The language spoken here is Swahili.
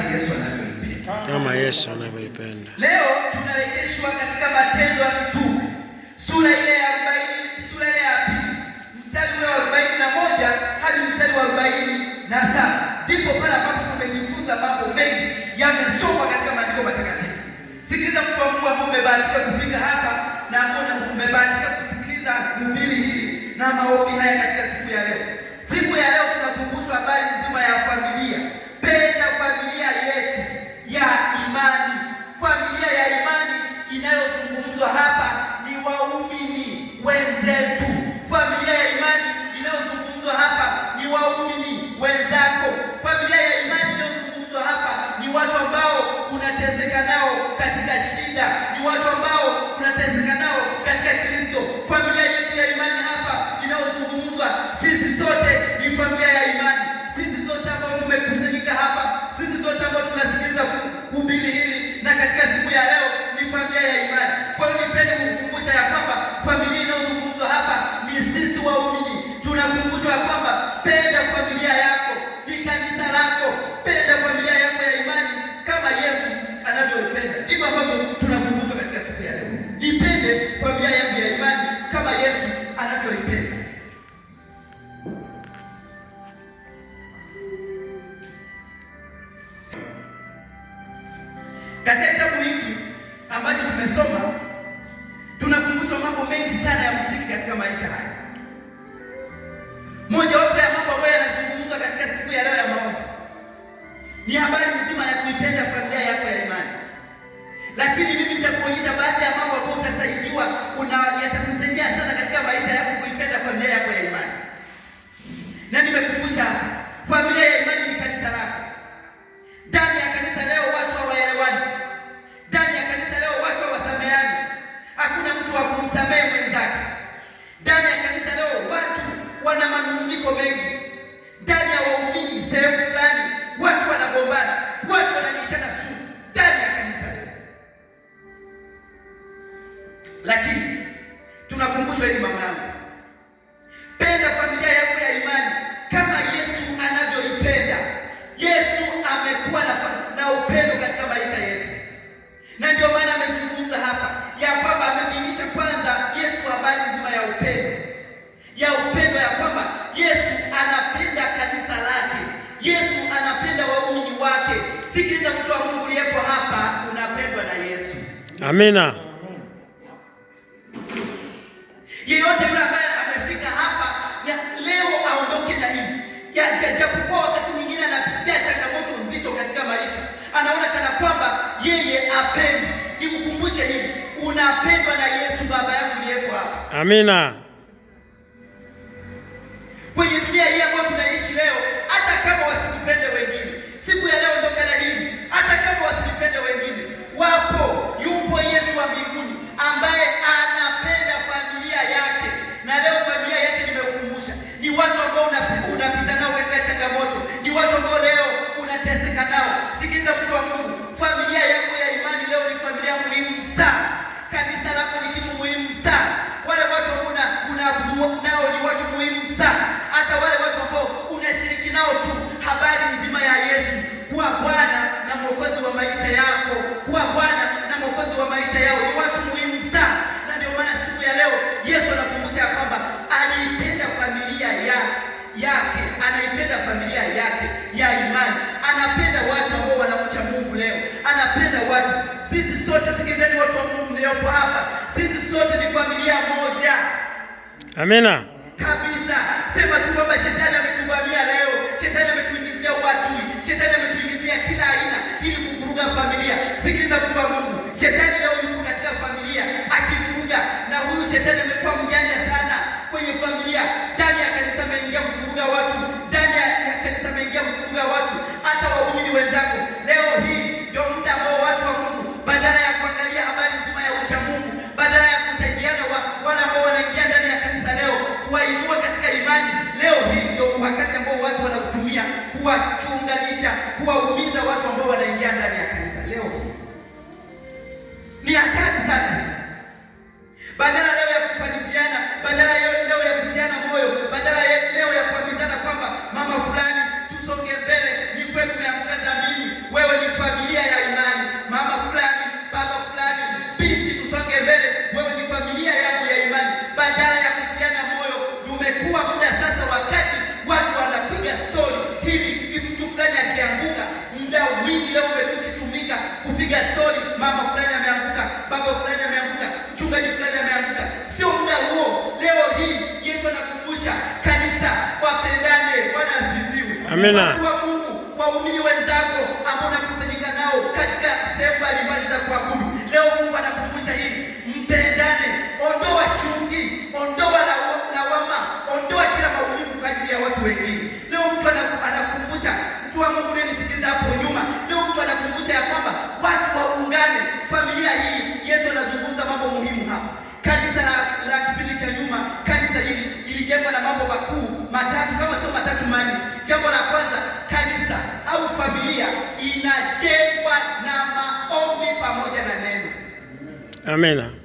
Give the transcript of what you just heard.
kama Yesu anavyoipenda, kama Yesu anavyoipenda. Leo tunarejeshwa katika Matendo ya Mitume sura ile ya 40, sura ile ya pili mstari ule wa arobaini na moja hadi mstari wa arobaini na saba ndipo pale ambapo tumejifunza mambo mengi yamesomwa katika maandiko matakatifu. Sikiliza mtu wa Mungu ambaye umebahatika kufika hapa na ambao umebahatika kusikiliza hubiri hili na maombi haya katika siku ya leo. Siku ya leo tunakumbushwa habari nzima ya familia inayozungumzwa hapa Katika kitabu hiki ambacho tumesoma tunakumbushwa mambo mengi sana ya msingi katika maisha haya. kumsamehe mwenzake. Ndani ya kanisa leo watu wana manung'uniko mengi, ndani ya waumini sehemu fulani watu wanagombana, watu wanabishana sumu ndani ya kanisa leo, lakini tunakumbushwa hili, mama yangu, penda familia yako ya imani kama Yesu anavyoipenda. Yesu amekuwa na upendo Amina. Yeyote yule ambaye amefika hapa leo aondoke na hili. Japokuwa wakati mwingine anapitia changamoto nzito katika maisha, anaona kana kwamba yeye apendwi. Nikukumbushe hili, unapendwa na Yesu baba yangu aliyeko hapa. Amina. Kwenye dunia hii ambayo tunaishi leo unapiga sote sikizeni, watu wa Mungu mliopo hapa, sisi sote ni familia moja. Amina kabisa. Amina. Mungu waumini wenzako ambao nakusanyika nao katika sehemu mbalimbali za kuabudu leo, Mungu anakumbusha hili, mpendane, ondoa chuki, ondoa lawama, ondoa kila maumivu kwa ajili ya watu wengine. Leo mtu anakumbusha, mtu wa Mungu nilisikiliza hapo nyuma, leo mtu anakumbusha ya kwamba watu waungane, familia hii. Yesu anazungumza mambo muhimu hapa. Kanisa la, la kipindi cha nyuma, kanisa hili lilijengwa na mambo makuu Amina.